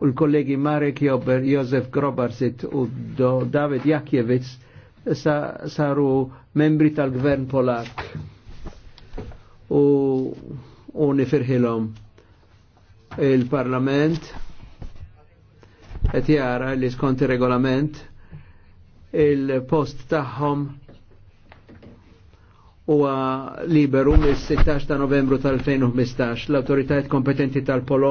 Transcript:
u l-kollegi Marek Jobber, Josef Grobarsit u David Jakjevic sa saru membri tal-gvern Polak u, u nifirħilom il-parlament et jara li skonti regolament il-post taħħom u liberu mis-16 ta' novembru tal-2015 l autoritajt kompetenti tal-Polon